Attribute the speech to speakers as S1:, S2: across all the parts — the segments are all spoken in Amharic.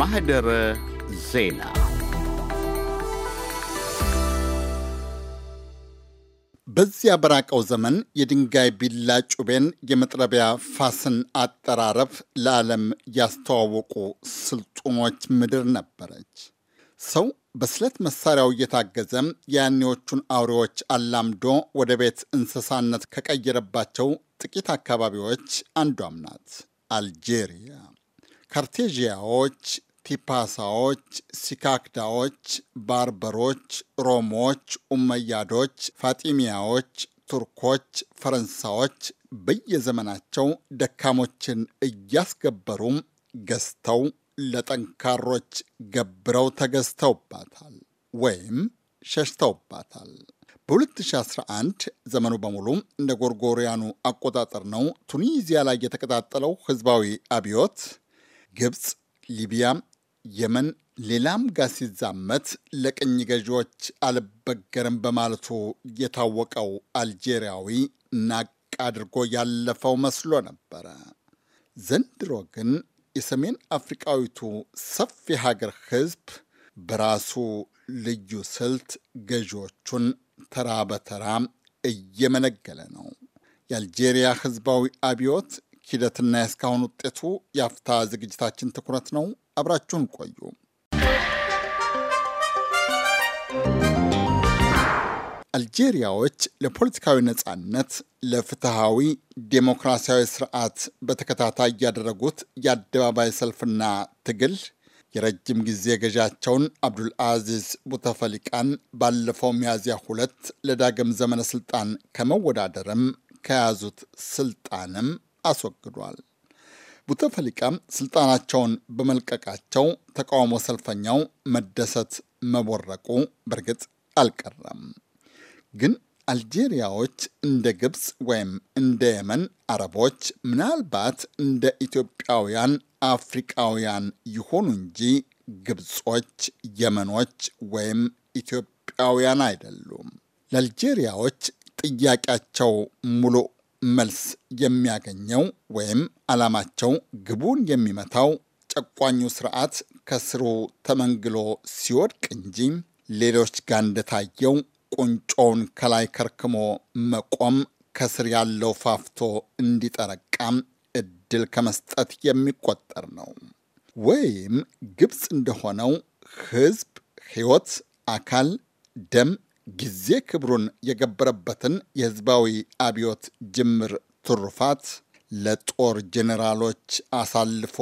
S1: ማህደረ ዜና በዚያ በራቀው ዘመን የድንጋይ ቢላ ጩቤን የመጥረቢያ ፋስን አጠራረፍ ለዓለም ያስተዋወቁ ስልጡኖች ምድር ነበረች። ሰው በስለት መሳሪያው እየታገዘ የያኔዎቹን አውሬዎች አላምዶ ወደ ቤት እንስሳነት ከቀየረባቸው ጥቂት አካባቢዎች አንዷም ናት አልጄሪያ። ካርቴዥያዎች፣ ቲፓሳዎች፣ ሲካክዳዎች፣ ባርበሮች፣ ሮሞች፣ ኡመያዶች፣ ፋጢሚያዎች፣ ቱርኮች፣ ፈረንሳዎች በየዘመናቸው ደካሞችን እያስገበሩም ገዝተው ለጠንካሮች ገብረው ተገዝተውባታል ወይም ሸሽተውባታል። በ2011 ዘመኑ በሙሉ እንደ ጎርጎሪያኑ አቆጣጠር ነው። ቱኒዚያ ላይ የተቀጣጠለው ህዝባዊ አብዮት ግብፅ፣ ሊቢያ፣ የመን ሌላም ጋር ሲዛመት ለቅኝ ገዢዎች አልበገርም በማለቱ የታወቀው አልጄሪያዊ ናቅ አድርጎ ያለፈው መስሎ ነበረ። ዘንድሮ ግን የሰሜን አፍሪቃዊቱ ሰፊ ሀገር ህዝብ በራሱ ልዩ ስልት ገዢዎቹን ተራ በተራ እየመነገለ ነው። የአልጄሪያ ህዝባዊ አብዮት ሂደትና የእስካሁን ውጤቱ የአፍታ ዝግጅታችን ትኩረት ነው። አብራችሁን ቆዩ። አልጄሪያዎች ለፖለቲካዊ ነጻነት፣ ለፍትሐዊ ዴሞክራሲያዊ ስርዓት በተከታታይ ያደረጉት የአደባባይ ሰልፍና ትግል የረጅም ጊዜ ገዣቸውን አብዱል አዚዝ ቡተፈሊቃን ባለፈው ሚያዝያ ሁለት ለዳግም ዘመነ ስልጣን ከመወዳደርም ከያዙት ስልጣንም አስወግዷል። ቡተፈሊቃ ስልጣናቸውን በመልቀቃቸው ተቃውሞ ሰልፈኛው መደሰት መቦረቁ በእርግጥ አልቀረም። ግን አልጄሪያዎች እንደ ግብፅ ወይም እንደ የመን አረቦች ምናልባት እንደ ኢትዮጵያውያን አፍሪቃውያን ይሆኑ እንጂ ግብጾች፣ የመኖች ወይም ኢትዮጵያውያን አይደሉም። ለአልጄሪያዎች ጥያቄያቸው ሙሉ መልስ የሚያገኘው ወይም ዓላማቸው ግቡን የሚመታው ጨቋኙ ስርዓት ከስሩ ተመንግሎ ሲወድቅ እንጂ ሌሎች ጋር እንደታየው ቁንጮውን ከላይ ከርክሞ መቆም ከስር ያለው ፋፍቶ እንዲጠረቃም እድል ከመስጠት የሚቆጠር ነው። ወይም ግብፅ እንደሆነው ህዝብ ህይወት አካል፣ ደም ጊዜ ክብሩን የገበረበትን የህዝባዊ አብዮት ጅምር ትሩፋት ለጦር ጄኔራሎች አሳልፎ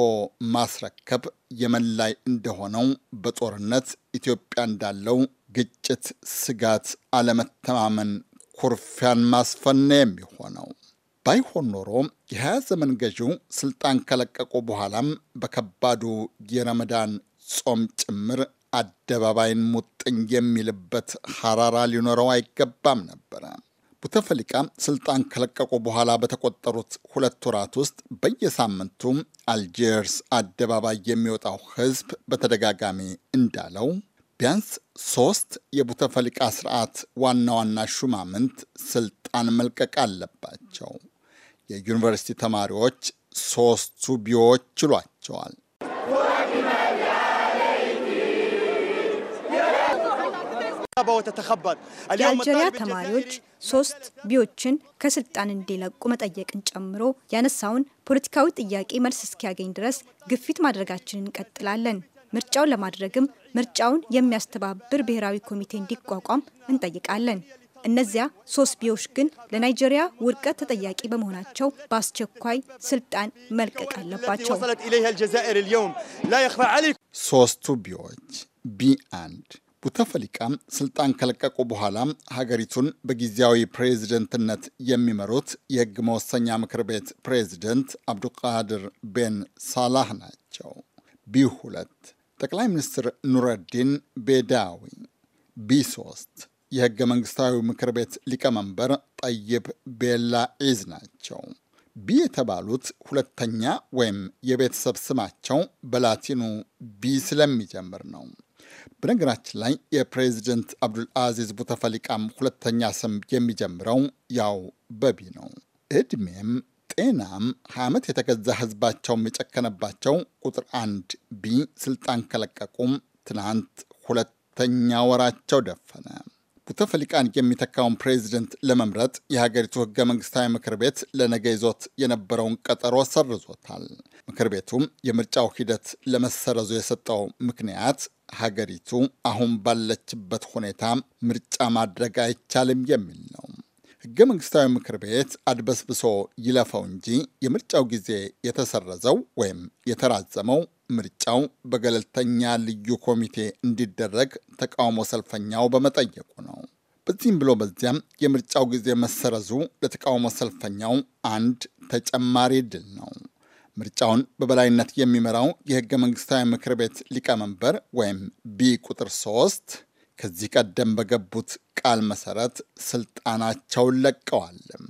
S1: ማስረከብ የመላይ እንደሆነው በጦርነት ኢትዮጵያ እንዳለው ግጭት፣ ስጋት፣ አለመተማመን፣ ኩርፊያን ማስፈነ የሚሆነው ባይሆን ኖሮ የሀያ ዘመን ገዢው ስልጣን ከለቀቁ በኋላም በከባዱ የረመዳን ጾም ጭምር አደባባይን ሙጥኝ የሚልበት ሐራራ ሊኖረው አይገባም ነበረ። ቡተፈሊቃ ስልጣን ከለቀቁ በኋላ በተቆጠሩት ሁለት ወራት ውስጥ በየሳምንቱ አልጀርስ አደባባይ የሚወጣው ሕዝብ በተደጋጋሚ እንዳለው ቢያንስ ሶስት የቡተፈሊቃ ስርዓት ዋና ዋና ሹማምንት ስልጣን መልቀቅ አለባቸው። የዩኒቨርሲቲ ተማሪዎች ሶስቱ ቢዎች ይሏቸዋል። የአልጀሪያ
S2: ተማሪዎች ሶስት ቢዎችን ከስልጣን እንዲለቁ መጠየቅን ጨምሮ ያነሳውን ፖለቲካዊ ጥያቄ መልስ እስኪያገኝ ድረስ ግፊት ማድረጋችንን እንቀጥላለን። ምርጫውን ለማድረግም ምርጫውን የሚያስተባብር ብሔራዊ ኮሚቴ እንዲቋቋም እንጠይቃለን። እነዚያ ሶስት ቢዎች ግን ለናይጄሪያ ውድቀት ተጠያቂ በመሆናቸው በአስቸኳይ ስልጣን መልቀቅ
S1: አለባቸው። ሶስቱ ቢዎች ቢ አንድ ቡተፈሊቃ ስልጣን ከለቀቁ በኋላ ሀገሪቱን በጊዜያዊ ፕሬዝደንትነት የሚመሩት የህግ መወሰኛ ምክር ቤት ፕሬዝደንት አብዱልቃድር ቤን ሳላህ ናቸው። ቢ ሁለት ጠቅላይ ሚኒስትር ኑረዲን ቤዳዊ፣ ቢ ሶስት የህገ መንግስታዊ ምክር ቤት ሊቀመንበር ጠይብ ቤላ ዒዝ ናቸው። ቢ የተባሉት ሁለተኛ ወይም የቤተሰብ ስማቸው በላቲኑ ቢ ስለሚጀምር ነው። በነገራችን ላይ የፕሬዚደንት አብዱል አዚዝ ቡተፈሊቃም ሁለተኛ ስም የሚጀምረው ያው በቢ ነው። እድሜም ጤናም ሀያ ዓመት የተገዛ ህዝባቸውም የጨከነባቸው ቁጥር አንድ ቢ ስልጣን ከለቀቁም ትናንት ሁለተኛ ወራቸው ደፈነ። የተተኩት ፈሊቃን የሚተካውን ፕሬዚደንት ለመምረጥ የሀገሪቱ ህገ መንግስታዊ ምክር ቤት ለነገ ይዞት የነበረውን ቀጠሮ ሰርዞታል። ምክር ቤቱም የምርጫው ሂደት ለመሰረዙ የሰጠው ምክንያት ሀገሪቱ አሁን ባለችበት ሁኔታ ምርጫ ማድረግ አይቻልም የሚል ነው። ህገ መንግስታዊ ምክር ቤት አድበስብሶ ይለፈው እንጂ የምርጫው ጊዜ የተሰረዘው ወይም የተራዘመው ምርጫው በገለልተኛ ልዩ ኮሚቴ እንዲደረግ ተቃውሞ ሰልፈኛው በመጠየቁ ነው። በዚህም ብሎ በዚያም የምርጫው ጊዜ መሰረዙ ለተቃውሞ ሰልፈኛው አንድ ተጨማሪ ድል ነው። ምርጫውን በበላይነት የሚመራው የህገ መንግስታዊ ምክር ቤት ሊቀመንበር ወይም ቢ ቁጥር ሶስት ከዚህ ቀደም በገቡት ቃል መሰረት ስልጣናቸውን ለቀዋልም።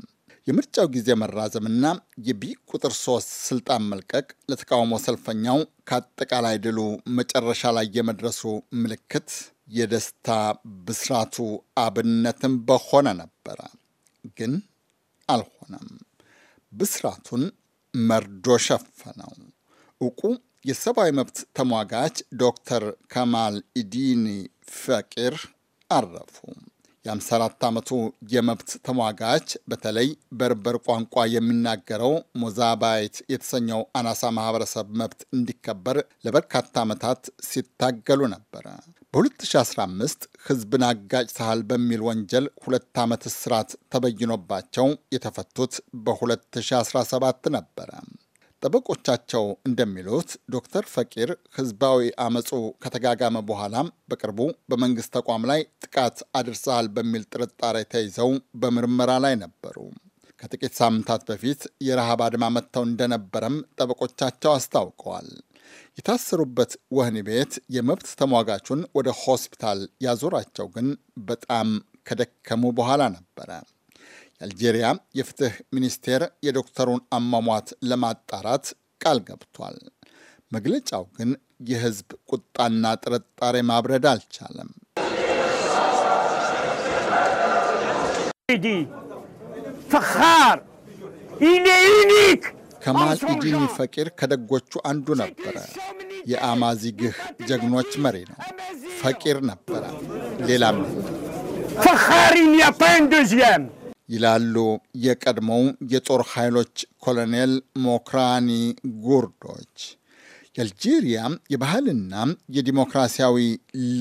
S1: የምርጫው ጊዜ መራዘምና የቢ ቁጥር ሶስት ስልጣን መልቀቅ ለተቃውሞ ሰልፈኛው ከአጠቃላይ ድሉ መጨረሻ ላይ የመድረሱ ምልክት፣ የደስታ ብስራቱ አብነትም በሆነ ነበረ። ግን አልሆነም። ብስራቱን መርዶ ሸፈነው። እውቁ የሰብአዊ መብት ተሟጋች ዶክተር ከማል ኢዲኒ ፈቂር አረፉ። የ54 ዓመቱ የመብት ተሟጋች በተለይ በርበር ቋንቋ የሚናገረው ሞዛባይት የተሰኘው አናሳ ማህበረሰብ መብት እንዲከበር ለበርካታ ዓመታት ሲታገሉ ነበረ። በ2015 ህዝብን አጋጭ ሳህል በሚል ወንጀል ሁለት ዓመት እስራት ተበይኖባቸው የተፈቱት በ2017 ነበረ። ጠበቆቻቸው እንደሚሉት ዶክተር ፈቂር ህዝባዊ አመፁ ከተጋጋመ በኋላም በቅርቡ በመንግስት ተቋም ላይ ጥቃት አድርሰሃል በሚል ጥርጣሬ ተይዘው በምርመራ ላይ ነበሩ። ከጥቂት ሳምንታት በፊት የረሃብ አድማ መጥተው እንደነበረም ጠበቆቻቸው አስታውቀዋል። የታሰሩበት ወህኒ ቤት የመብት ተሟጋቹን ወደ ሆስፒታል ያዞራቸው ግን በጣም ከደከሙ በኋላ ነበረ። የአልጄሪያ የፍትህ ሚኒስቴር የዶክተሩን አሟሟት ለማጣራት ቃል ገብቷል። መግለጫው ግን የህዝብ ቁጣና ጥርጣሬ ማብረድ አልቻለም። ከማል ኢዲኒ ፈቂር ከደጎቹ አንዱ ነበረ። የአማዚግህ ጀግኖች መሪ ነው። ፈቂር ነበረ። ሌላም ፈኻሪን ይላሉ የቀድሞው የጦር ኃይሎች ኮሎኔል ሞክራኒ ጉርዶች። የአልጄሪያ የባህልና የዲሞክራሲያዊ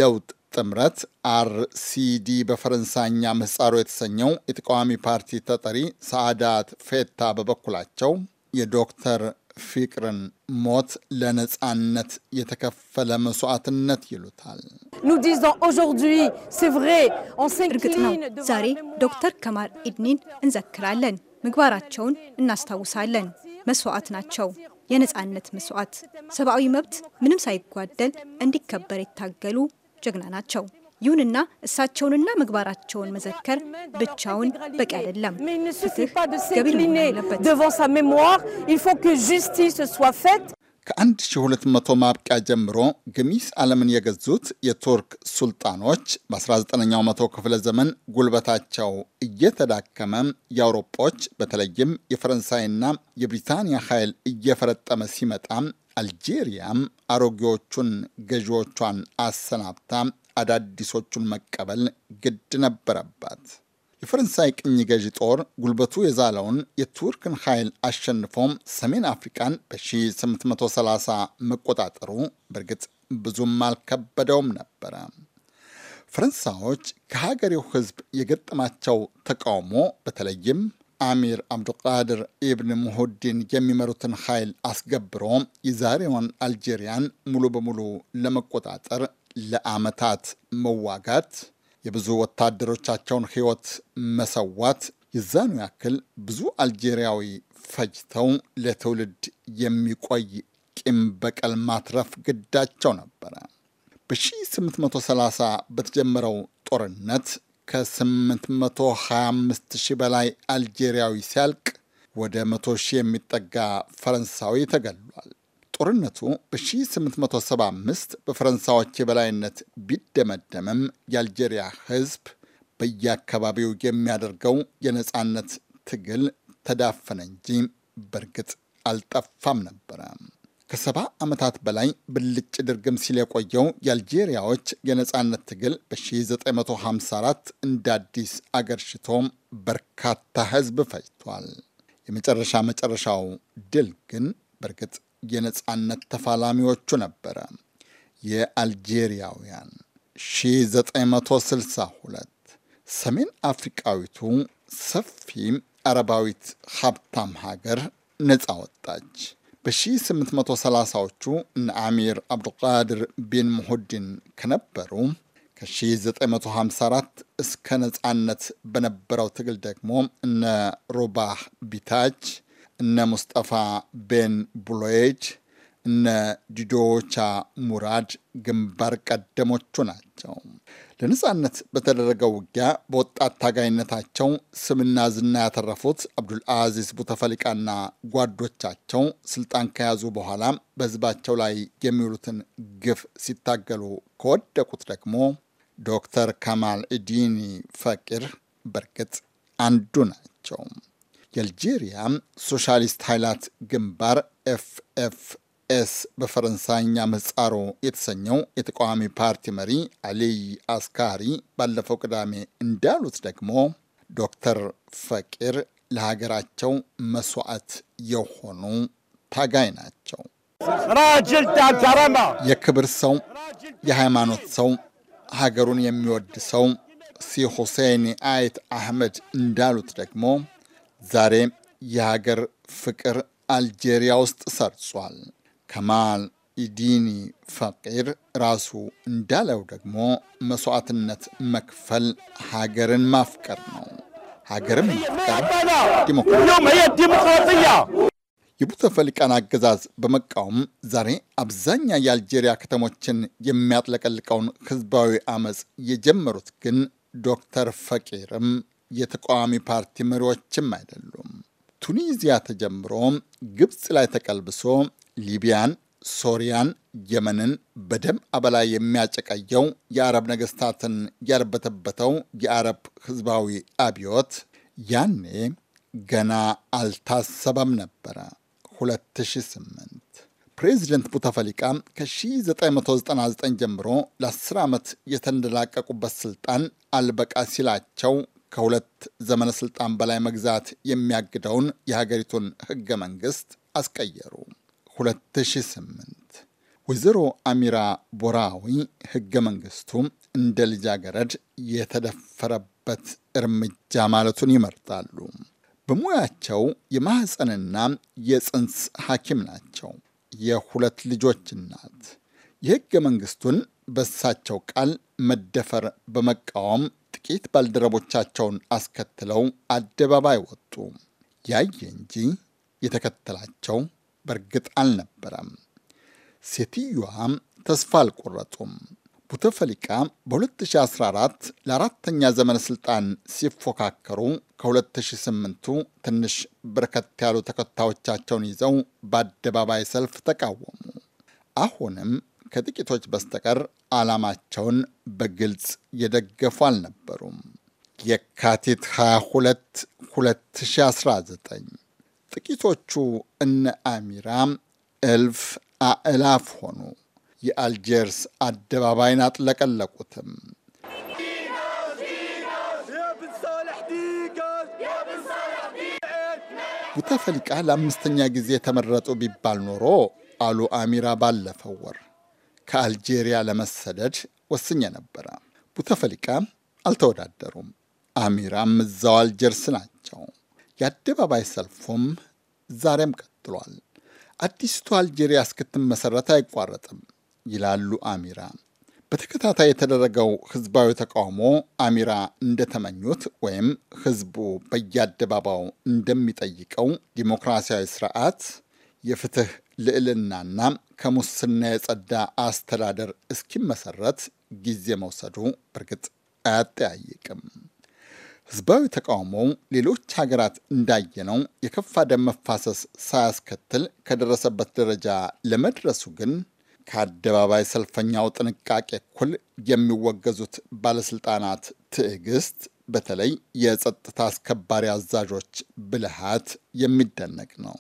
S1: ለውጥ ጥምረት አርሲዲ በፈረንሳይኛ ምህጻሩ የተሰኘው የተቃዋሚ ፓርቲ ተጠሪ ሰዓዳት ፌታ በበኩላቸው የዶክተር ፍቅርን ሞት ለነፃነት የተከፈለ መስዋዕትነት ይሉታል።
S2: እርግጥ ነው ዛሬ ዶክተር ከማል ኢድኒን እንዘክራለን፣ ምግባራቸውን እናስታውሳለን። መስዋዕት ናቸው። የነፃነት መስዋዕት፣ ሰብአዊ መብት ምንም ሳይጓደል እንዲከበር የታገሉ ጀግና ናቸው። ይሁንና እሳቸውንና ምግባራቸውን መዘከር ብቻውን በቂ አይደለም።
S1: ከአንድ ሺ ሁለት መቶ ማብቂያ ጀምሮ ገሚስ ዓለምን የገዙት የቱርክ ሱልጣኖች በ19ኛው መቶ ክፍለ ዘመን ጉልበታቸው እየተዳከመ የአውሮጶች በተለይም የፈረንሳይና የብሪታንያ ኃይል እየፈረጠመ ሲመጣ አልጄሪያም አሮጌዎቹን ገዢዎቿን አሰናብታ አዳዲሶቹን መቀበል ግድ ነበረባት። የፈረንሳይ ቅኝ ገዢ ጦር ጉልበቱ የዛለውን የቱርክን ኃይል አሸንፎም ሰሜን አፍሪካን በ1830 መቆጣጠሩ በእርግጥ ብዙም አልከበደውም ነበረ። ፈረንሳዮች ከሀገሬው ሕዝብ የገጠማቸው ተቃውሞ በተለይም አሚር አብዱልቃድር ኢብን ሙሁዲን የሚመሩትን ኃይል አስገብሮ የዛሬውን አልጄሪያን ሙሉ በሙሉ ለመቆጣጠር ለዓመታት መዋጋት፣ የብዙ ወታደሮቻቸውን ሕይወት መሰዋት የዛኑ ያክል ብዙ አልጄሪያዊ ፈጅተው ለትውልድ የሚቆይ ቂም በቀል ማትረፍ ግዳቸው ነበረ። በ1830 በተጀመረው ጦርነት ከ825 ሺህ በላይ አልጄሪያዊ ሲያልቅ ወደ 100 ሺህ የሚጠጋ ፈረንሳዊ ተገሏል። ጦርነቱ በ1875 በፈረንሳዮች የበላይነት ቢደመደምም የአልጄሪያ ሕዝብ በየአካባቢው የሚያደርገው የነፃነት ትግል ተዳፈነ እንጂ በእርግጥ አልጠፋም ነበረ። ከሰባ ዓመታት በላይ ብልጭ ድርግም ሲል የቆየው የአልጄሪያዎች የነፃነት ትግል በ1954 እንደ አዲስ አገር ሽቶም በርካታ ህዝብ ፈጅቷል። የመጨረሻ መጨረሻው ድል ግን በእርግጥ የነፃነት ተፋላሚዎቹ ነበረ። የአልጄሪያውያን 1962 ሰሜን አፍሪቃዊቱ ሰፊ አረባዊት ሀብታም ሀገር ነፃ ወጣች። በ1830ዎቹ እነ አሚር አብዱልቃድር ቢን ሙሁዲን ከነበሩ ከ1954 እስከ ነፃነት በነበረው ትግል ደግሞ እነ ሩባህ ቢታች እነ ሙስጠፋ ቤን ብሎዬጅ፣ እነ ዲዶቻ ሙራድ ግንባር ቀደሞቹ ናቸው። ለነፃነት በተደረገው ውጊያ በወጣት ታጋይነታቸው ስምና ዝና ያተረፉት አብዱልአዚዝ ቡተፈሊቃና ጓዶቻቸው ስልጣን ከያዙ በኋላ በህዝባቸው ላይ የሚውሉትን ግፍ ሲታገሉ ከወደቁት ደግሞ ዶክተር ከማል ኢዲኒ ፈቂር በእርግጥ አንዱ ናቸው። የአልጄሪያ ሶሻሊስት ኃይላት ግንባር ኤፍኤፍኤስ በፈረንሳይኛ ምህጻሩ የተሰኘው የተቃዋሚ ፓርቲ መሪ አሊይ አስካሪ ባለፈው ቅዳሜ እንዳሉት ደግሞ ዶክተር ፈቂር ለሀገራቸው መስዋዕት የሆኑ ታጋይ ናቸው። የክብር ሰው፣ የሃይማኖት ሰው፣ ሀገሩን የሚወድ ሰው ሲ ሁሴን አይት አህመድ እንዳሉት ደግሞ ዛሬ የሀገር ፍቅር አልጄሪያ ውስጥ ሰርጿል። ከማል ኢዲኒ ፈቂር ራሱ እንዳለው ደግሞ መስዋዕትነት መክፈል ሀገርን ማፍቀር ነው። ሀገርን ማፍቀር የቡተፈሊቃን አገዛዝ በመቃወም ዛሬ አብዛኛ የአልጄሪያ ከተሞችን የሚያጥለቀልቀውን ህዝባዊ አመፅ የጀመሩት ግን ዶክተር ፈቂርም የተቃዋሚ ፓርቲ መሪዎችም አይደሉም። ቱኒዚያ ተጀምሮ ግብፅ ላይ ተቀልብሶ ሊቢያን፣ ሶሪያን፣ የመንን በደም አበላ የሚያጨቀየው የአረብ ነገስታትን ያርበተበተው የአረብ ህዝባዊ አብዮት ያኔ ገና አልታሰበም ነበረ። 2008 ፕሬዚደንት ቡተፈሊቃ ከ1999 ጀምሮ ለ10 ዓመት የተንደላቀቁበት ስልጣን አልበቃ ሲላቸው ከሁለት ዘመነ ስልጣን በላይ መግዛት የሚያግደውን የሀገሪቱን ህገ መንግስት አስቀየሩ። 2008 ወይዘሮ አሚራ ቦራዊ ህገ መንግስቱ እንደ ልጃገረድ የተደፈረበት እርምጃ ማለቱን ይመርጣሉ። በሙያቸው የማህፀንና የፅንስ ሐኪም ናቸው። የሁለት ልጆች እናት የህገ መንግስቱን በሳቸው ቃል መደፈር በመቃወም ጥቂት ባልደረቦቻቸውን አስከትለው አደባባይ ወጡ። ያየ እንጂ የተከተላቸው በእርግጥ አልነበረም። ሴትዮዋም ተስፋ አልቆረጡም። ቡተፈሊቃ በ2014 ለአራተኛ ዘመን ስልጣን ሲፎካከሩ ከ2008ቱ ትንሽ በርከት ያሉ ተከታዮቻቸውን ይዘው በአደባባይ ሰልፍ ተቃወሙ። አሁንም ከጥቂቶች በስተቀር ዓላማቸውን በግልጽ የደገፉ አልነበሩም። የካቲት 22 2019 ጥቂቶቹ እነ አሚራ እልፍ አእላፍ ሆኑ። የአልጀርስ አደባባይን አጥለቀለቁትም። ቡተፈሊቃ ለአምስተኛ ጊዜ የተመረጡ ቢባል ኖሮ አሉ አሚራ ባለፈው ወር ከአልጄሪያ ለመሰደድ ወስኜ ነበረ። ቡተፈሊቃ አልተወዳደሩም። አሚራም እዛው አልጀርስ ናቸው። የአደባባይ ሰልፉም ዛሬም ቀጥሏል። አዲስቱ አልጄሪያ እስክትመሰረት አይቋረጥም ይላሉ አሚራ። በተከታታይ የተደረገው ህዝባዊ ተቃውሞ አሚራ እንደተመኙት ወይም ህዝቡ በየአደባባው እንደሚጠይቀው ዲሞክራሲያዊ ስርዓት፣ የፍትህ ልዕልናና ከሙስና የጸዳ አስተዳደር እስኪመሰረት ጊዜ መውሰዱ በእርግጥ አያጠያይቅም። ህዝባዊ ተቃውሞ ሌሎች ሀገራት እንዳየነው የከፋ ደም መፋሰስ ሳያስከትል ከደረሰበት ደረጃ ለመድረሱ ግን ከአደባባይ ሰልፈኛው ጥንቃቄ እኩል የሚወገዙት ባለስልጣናት ትዕግስት፣ በተለይ የጸጥታ አስከባሪ አዛዦች ብልሃት የሚደነቅ ነው።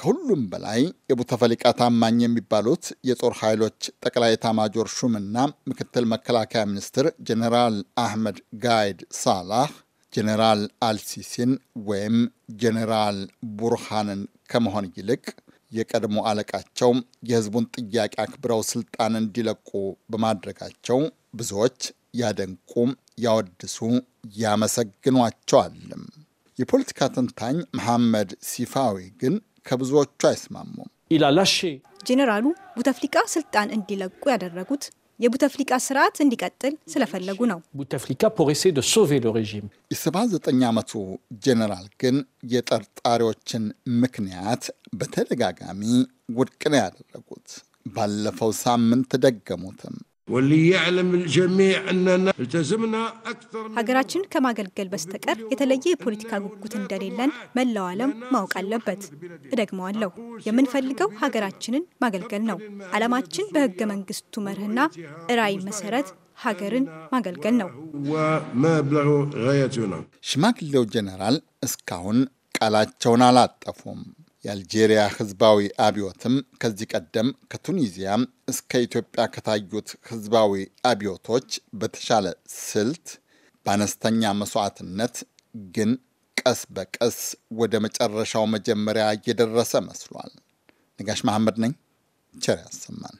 S1: ከሁሉም በላይ የቡተፈሊቃ ታማኝ የሚባሉት የጦር ኃይሎች ጠቅላይ ኤታማዦር ሹምና ምክትል መከላከያ ሚኒስትር ጀኔራል አህመድ ጋይድ ሳላህ ጀኔራል አልሲሲን ወይም ጀኔራል ቡርሃንን ከመሆን ይልቅ የቀድሞ አለቃቸው የሕዝቡን ጥያቄ አክብረው ስልጣን እንዲለቁ በማድረጋቸው ብዙዎች ያደንቁ፣ ያወድሱ፣ ያመሰግኗቸዋል። የፖለቲካ ተንታኝ መሐመድ ሲፋዊ ግን ከብዙዎቹ አይስማሙም ኢላላሼ
S2: ጄኔራሉ ቡተፍሊቃ ስልጣን እንዲለቁ ያደረጉት የቡተፍሊቃ ስርዓት እንዲቀጥል ስለፈለጉ ነው።
S1: ቡተፍሊቃ ፖሬሴ ደ ሶቬ ሎ ሬዥም የ79 ዓመቱ ጄኔራል ግን የጠርጣሪዎችን ምክንያት በተደጋጋሚ ውድቅ ነው ያደረጉት። ባለፈው ሳምንት ደገሙትም።
S2: ሀገራችን ከማገልገል በስተቀር የተለየ የፖለቲካ ጉጉት እንደሌለን መላው ዓለም ማወቅ አለበት። እደግመዋለሁ፣ የምንፈልገው ሀገራችንን ማገልገል ነው። ዓላማችን በህገ መንግስቱ መርህና ራዕይ መሰረት ሀገርን ማገልገል ነው።
S1: ሽማግሌው ጀነራል እስካሁን ቃላቸውን አላጠፉም። የአልጄሪያ ህዝባዊ አብዮትም ከዚህ ቀደም ከቱኒዚያ እስከ ኢትዮጵያ ከታዩት ህዝባዊ አብዮቶች በተሻለ ስልት በአነስተኛ መስዋዕትነት ግን ቀስ በቀስ ወደ መጨረሻው መጀመሪያ እየደረሰ መስሏል። ነጋሽ መሐመድ ነኝ። ቸር ያሰማን።